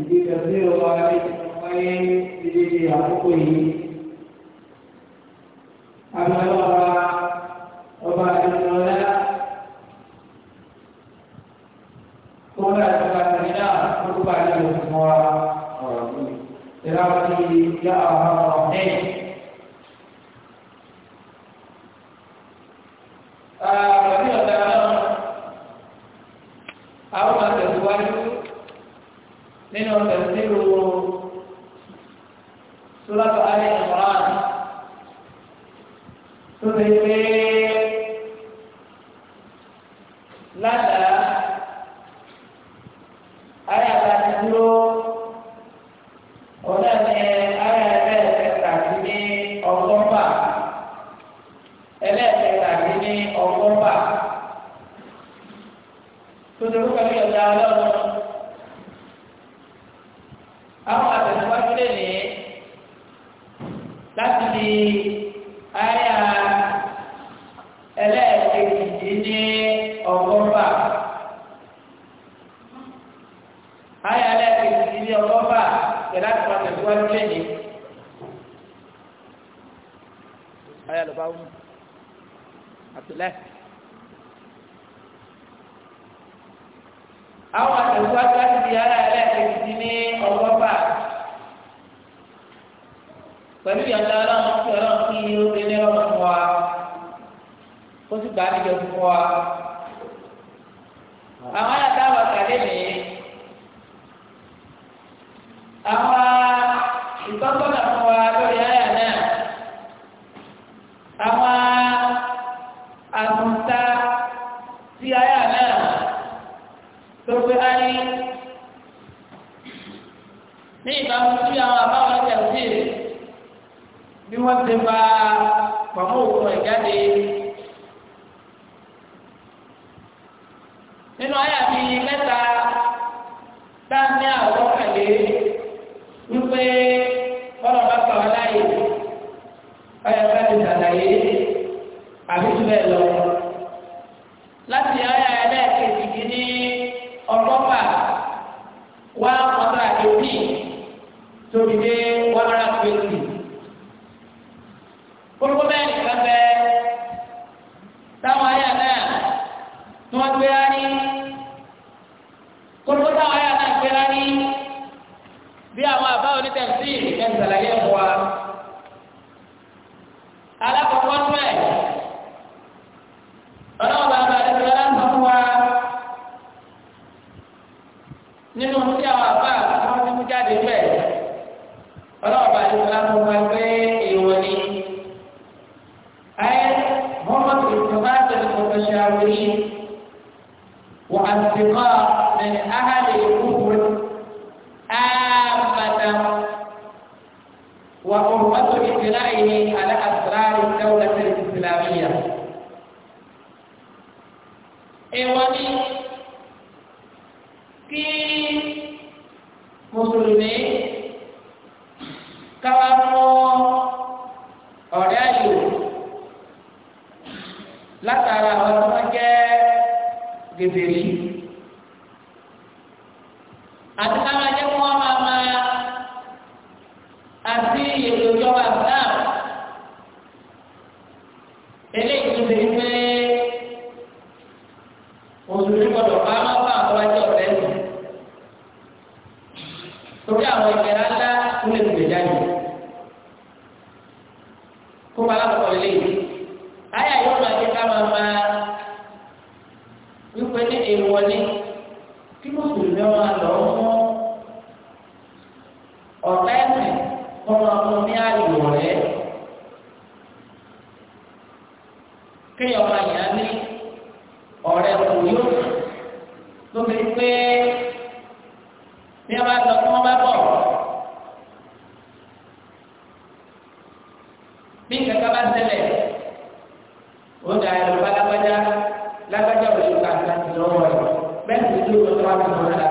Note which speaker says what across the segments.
Speaker 1: ìdíje sí ọba ìdíje àkókò yìí.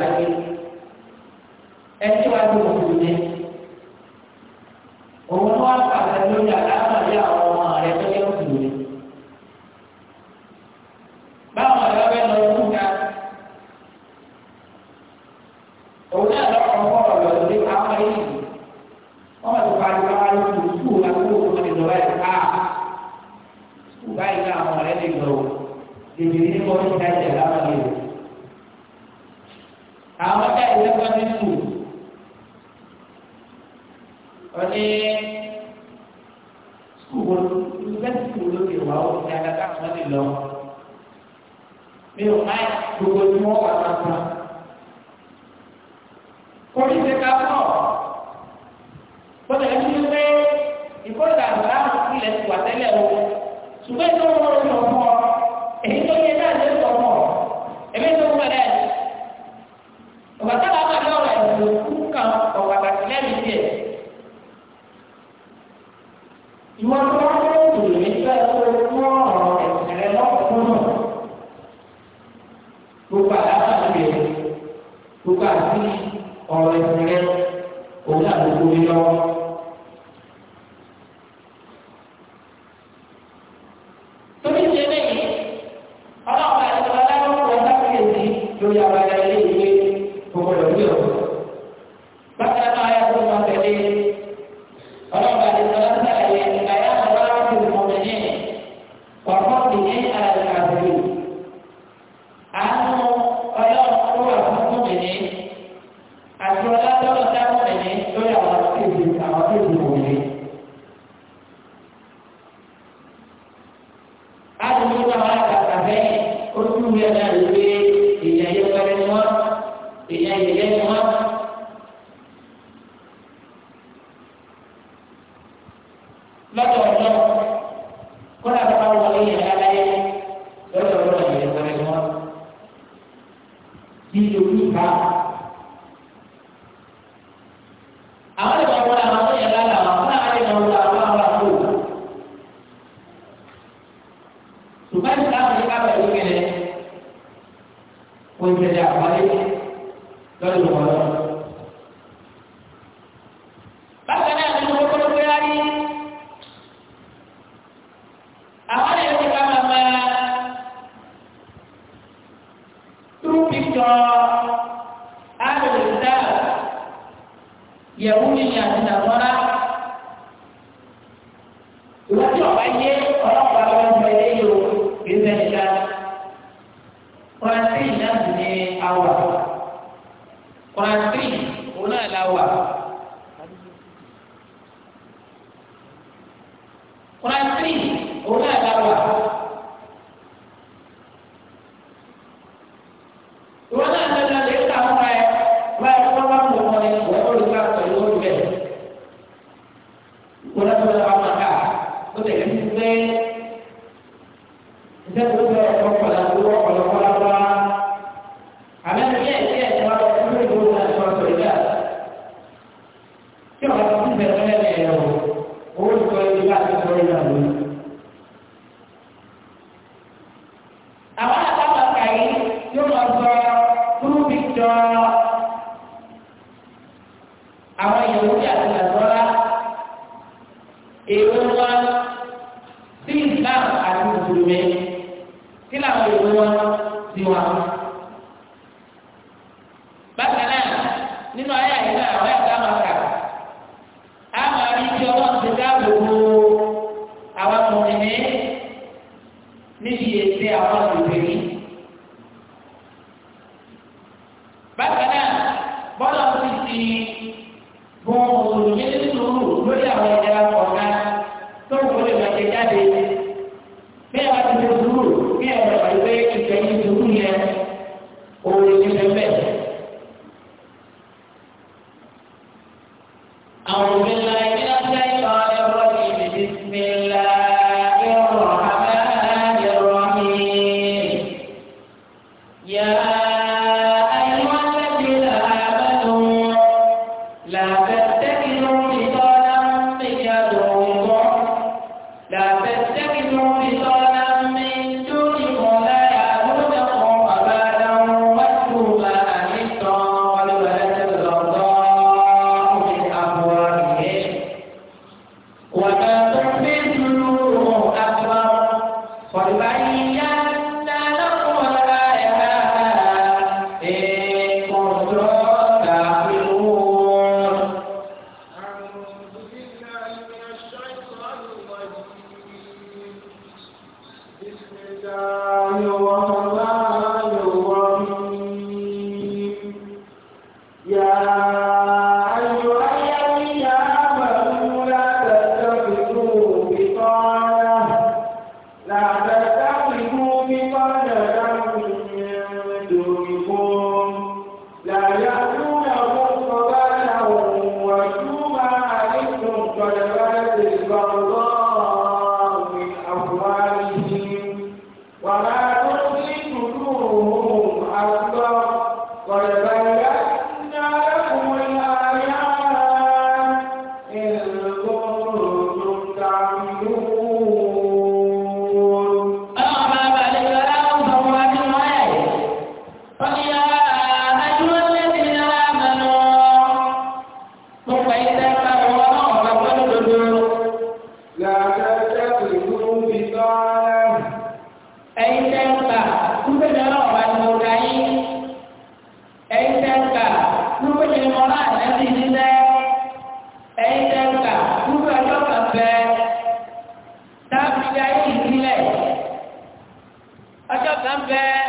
Speaker 1: Thank you. lọ́dọ̀ ọ̀dọ́ Amen.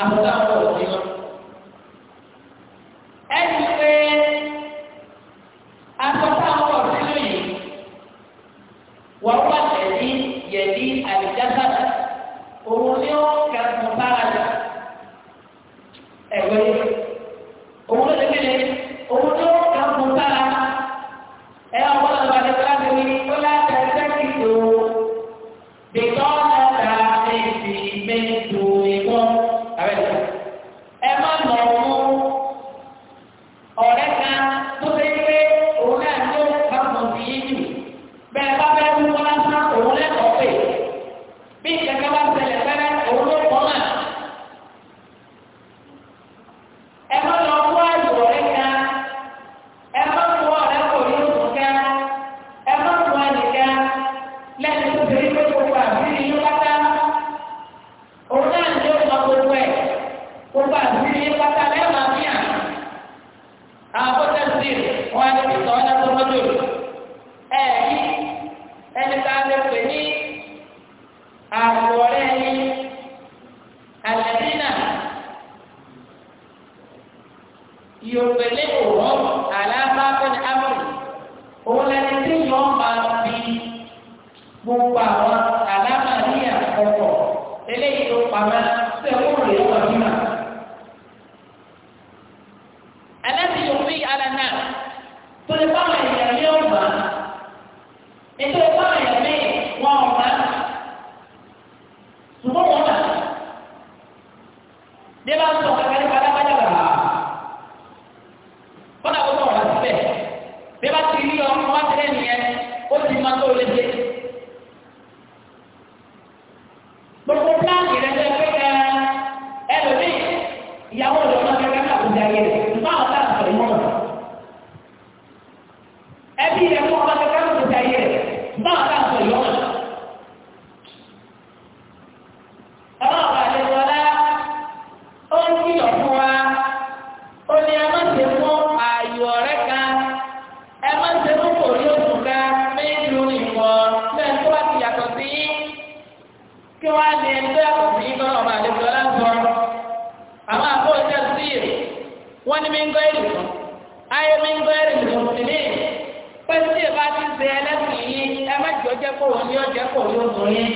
Speaker 1: àtúntà ọ̀rọ̀ kọ̀ wọ́n ní ọjà pọ̀ ní ọ̀gbọ̀n yẹn.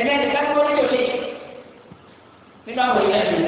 Speaker 1: ẹ̀mí ẹni ká tó lóyún ní nínú àwọn ìyá mi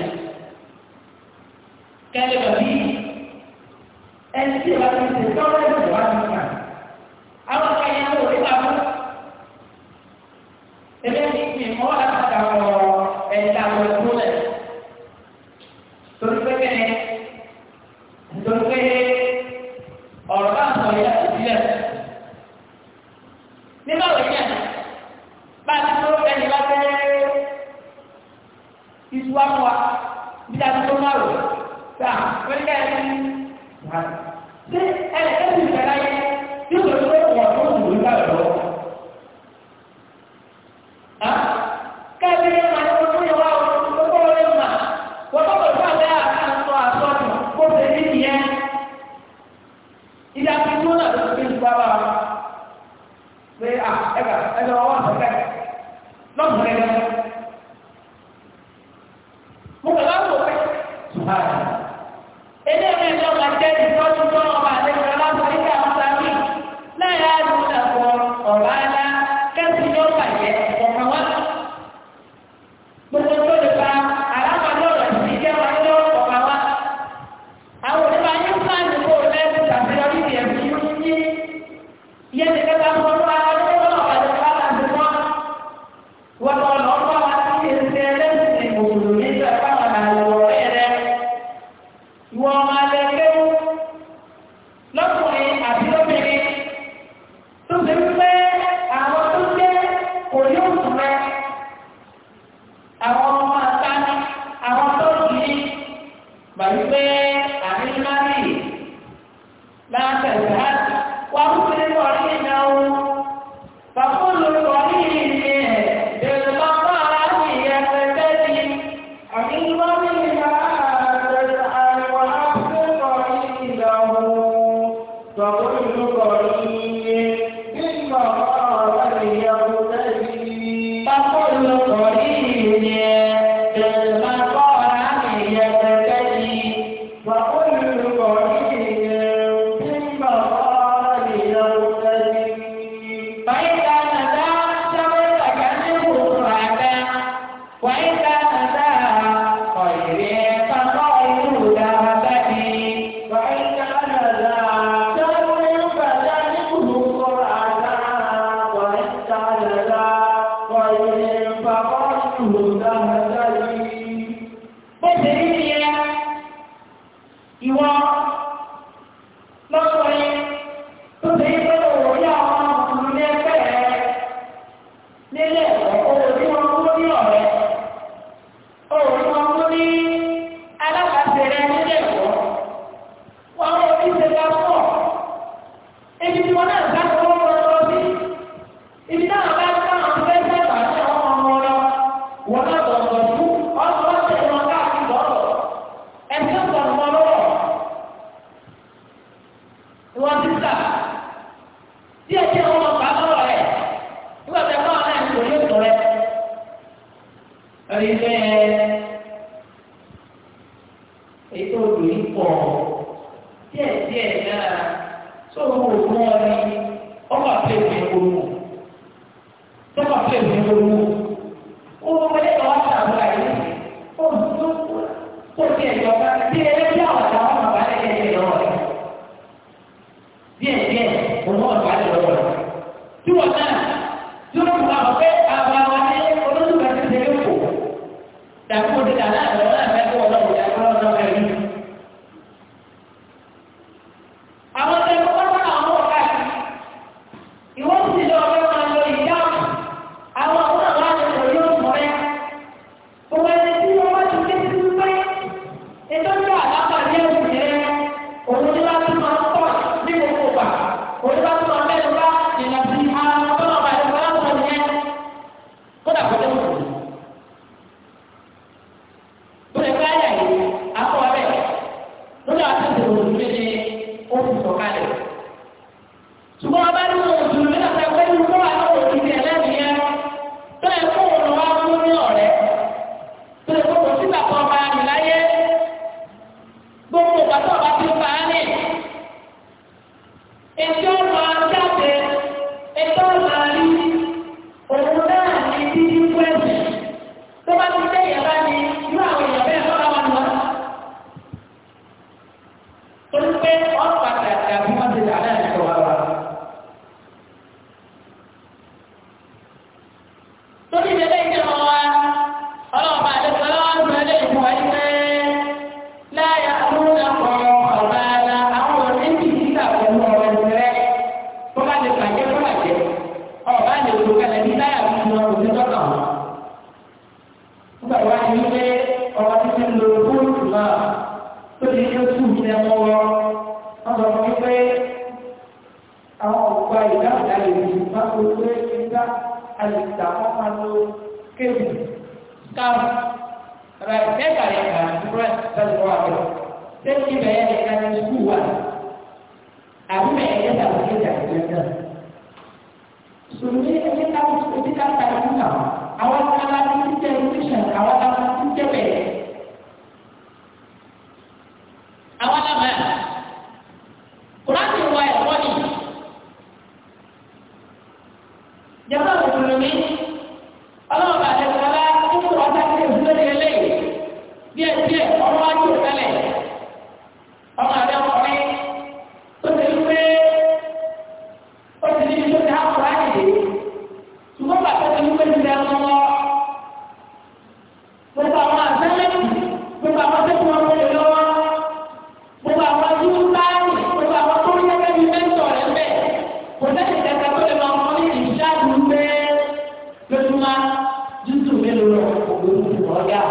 Speaker 1: ojú ọjà.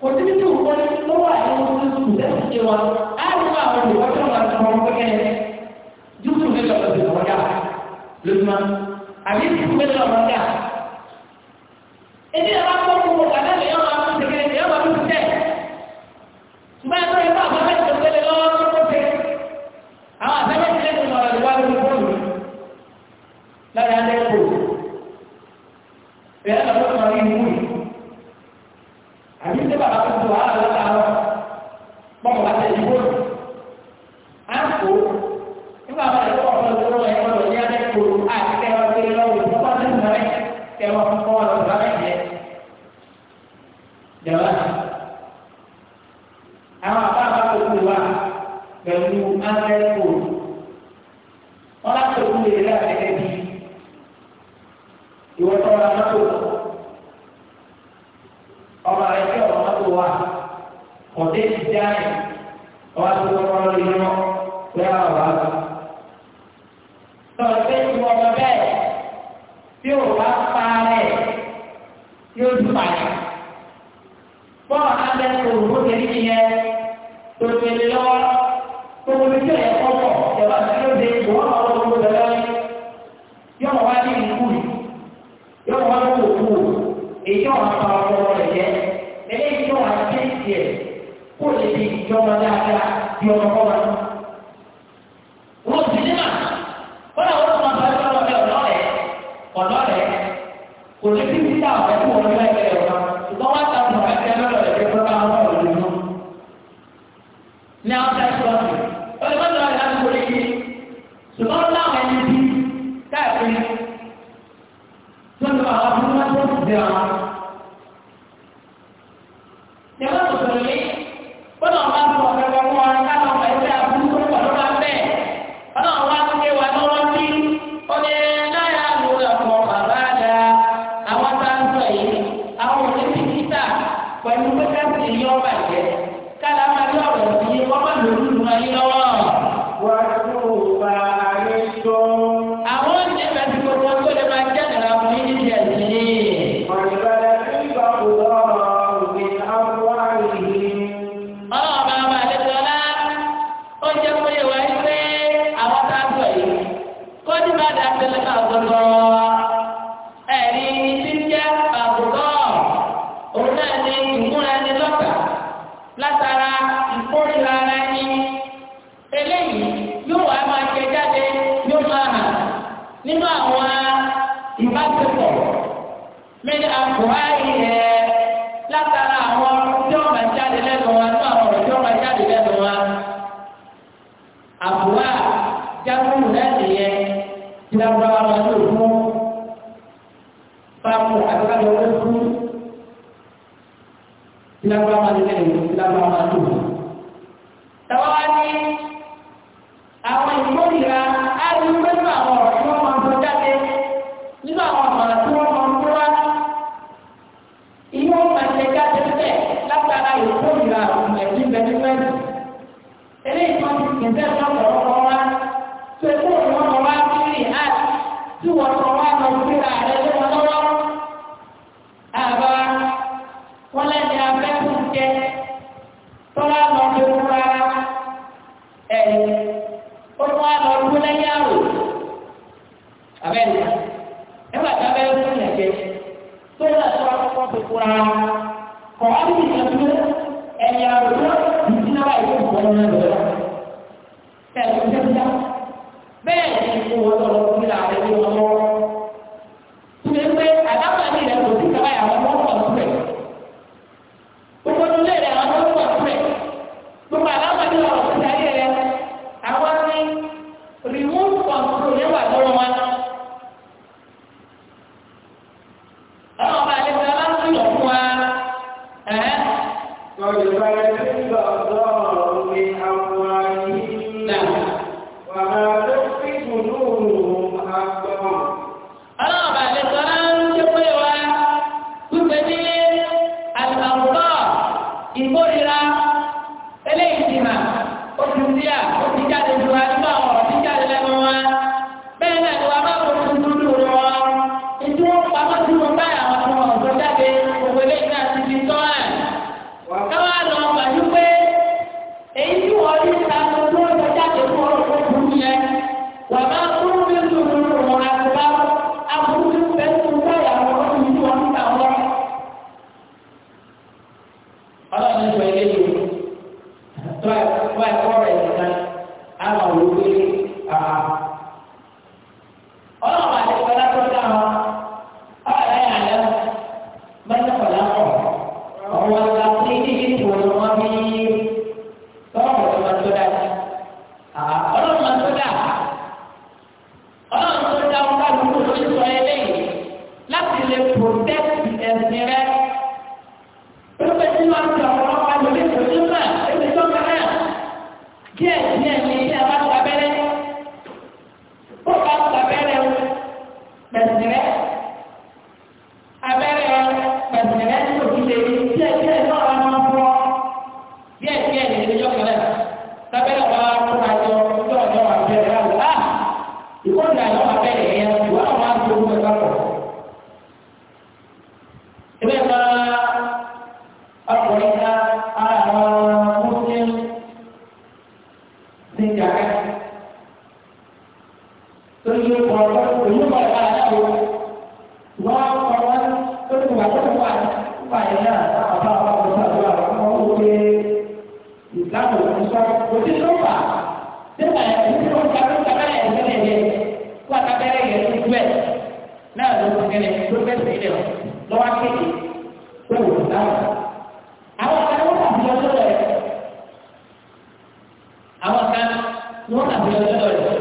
Speaker 1: Kò síbi tí òkú ní tó wà ní ojú sùkùn tẹ́sí ṣe wọn, á rí bá àwọn olùkọ́ tó wà ní ọmọ pẹ́kẹ́ jùlọ mélòó lọ́dún ọjà lójúmọ́. Àbí jùlọ mélòó lọ́dún ọjà. Ebi ẹ̀ bá gbọ́ fún wọn kàdé mi yọ̀ pẹ̀lú pé káàkiri yọ bàjẹ́ kálámà yọ ọ̀rọ̀ sí ọmọ lòlù lùmọ̀ yín lọ́wọ́. ها؟ قد بدت بعضهم من أموالهم wọ́n kà fún ẹgbẹ́ rẹ̀.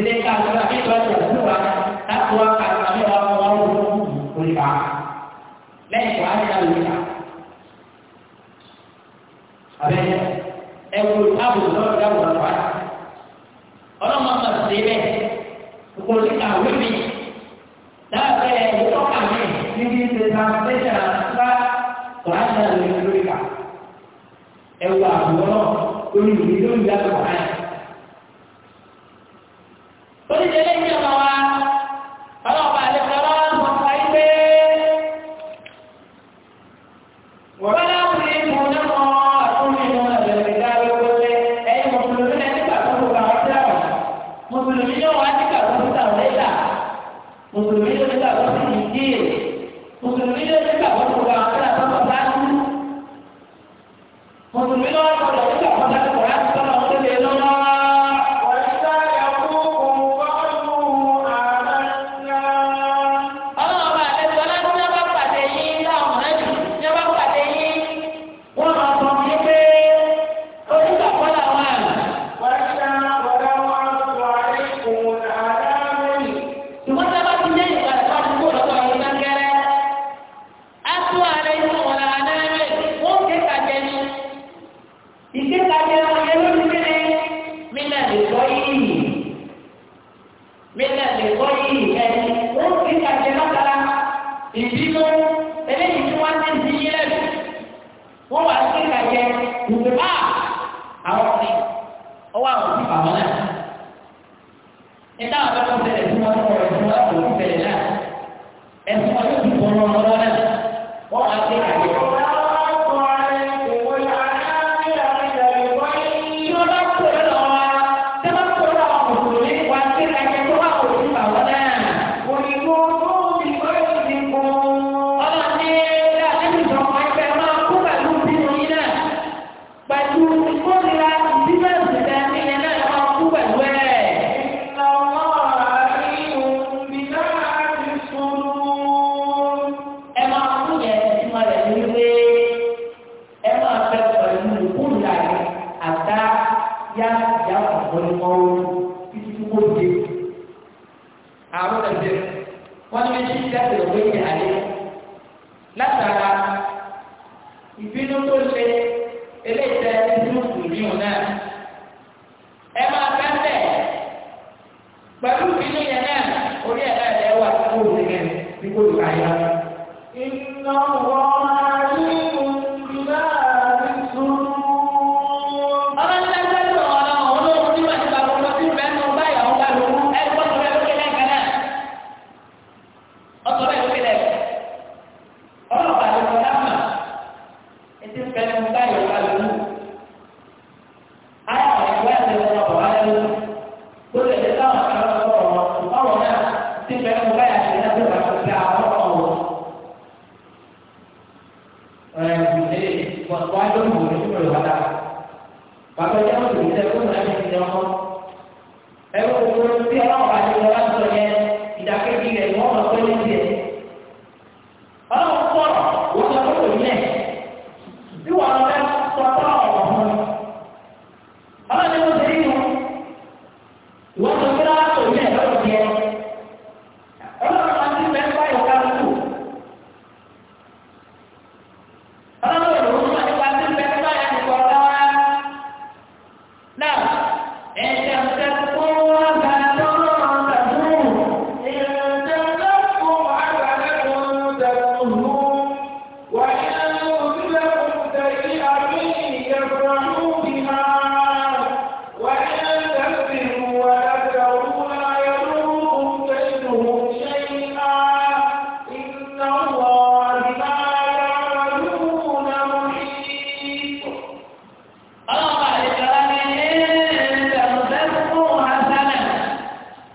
Speaker 1: Bolehkah tetapi baca surat tak buangkan kami orang-orang berbuku berita. Lepas ada berita.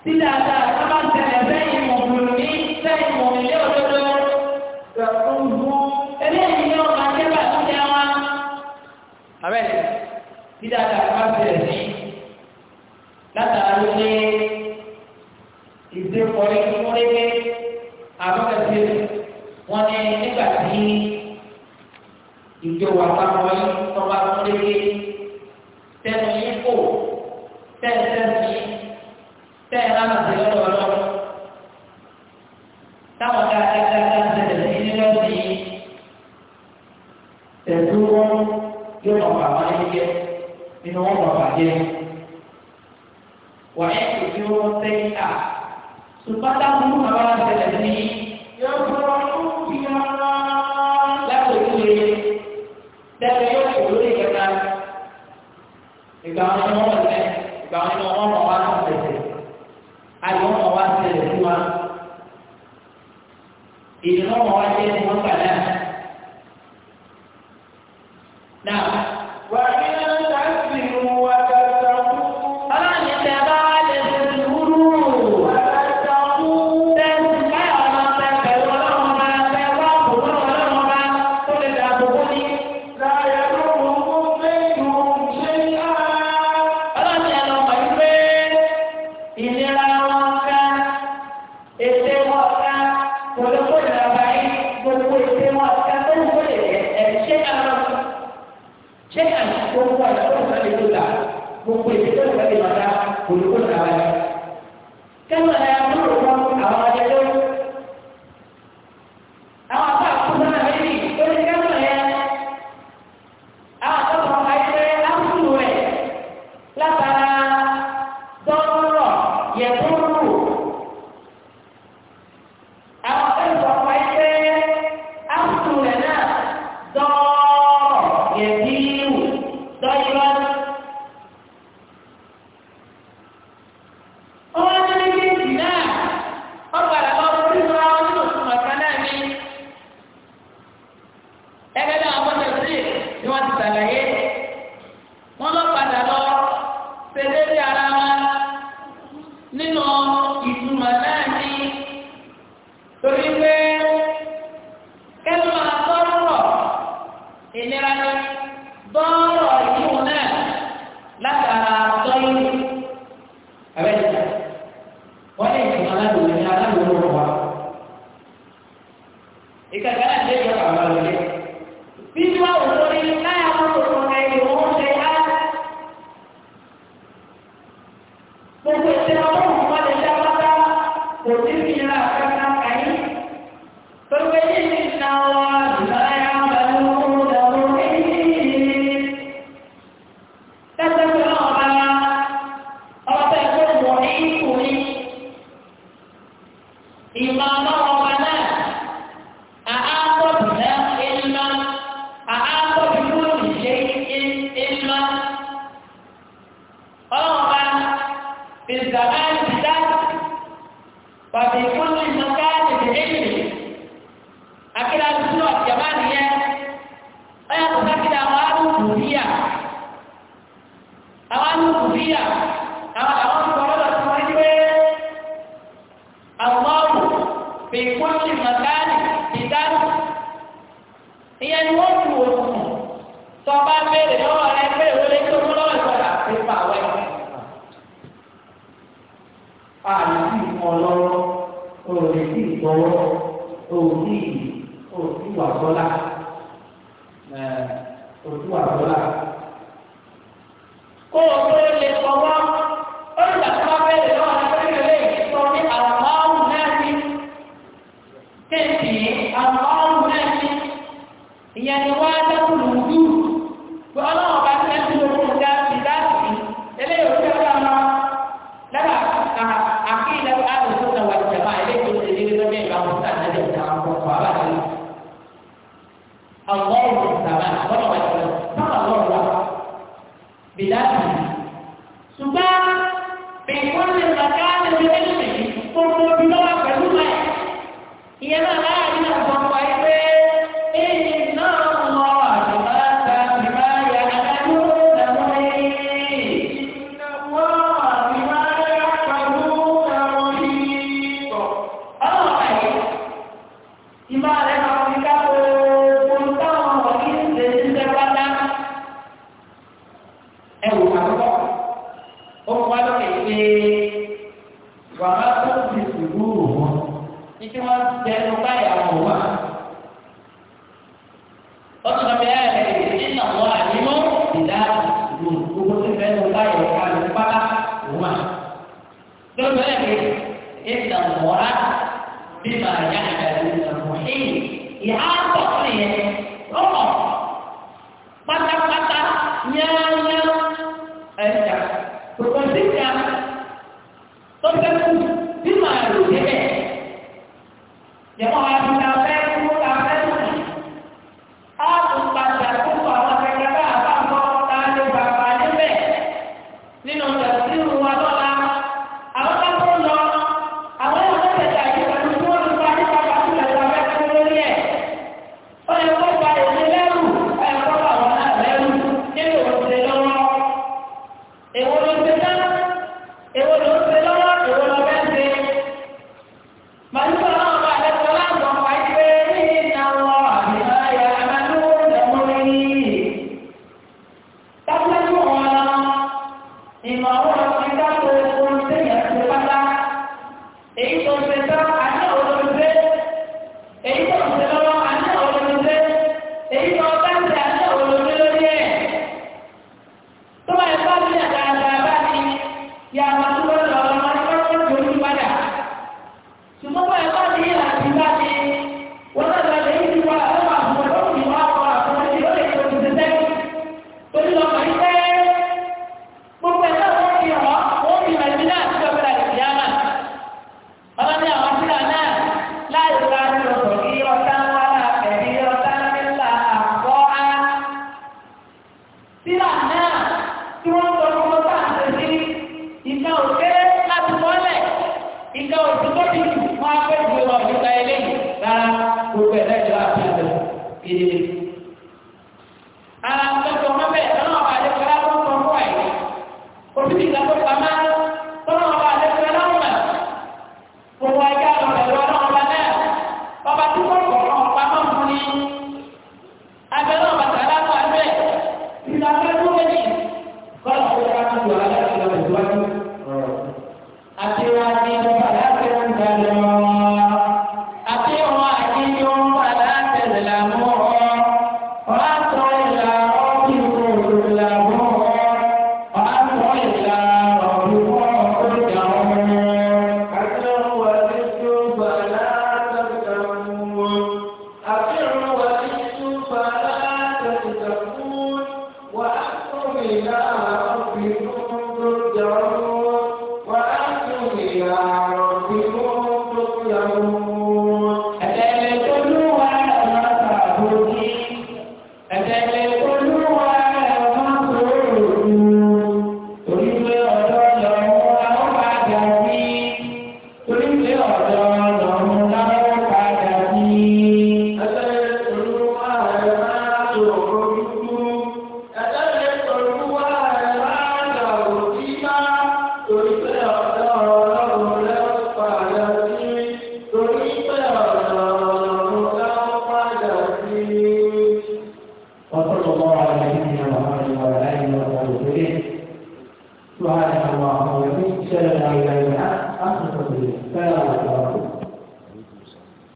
Speaker 1: sílẹ̀ àtà sábà tẹ̀lé bẹ́ẹ̀ ìmọ̀kùnrin ní bẹ́ẹ̀ ìmọ̀kùnrin lé òdodo ṣàkóso eléyìí ni ọ̀gá jẹ́bà tó jẹ́ wá. Àbẹ̀ sílẹ̀ àtà sábà tẹ̀lé sí
Speaker 2: látàrí lé.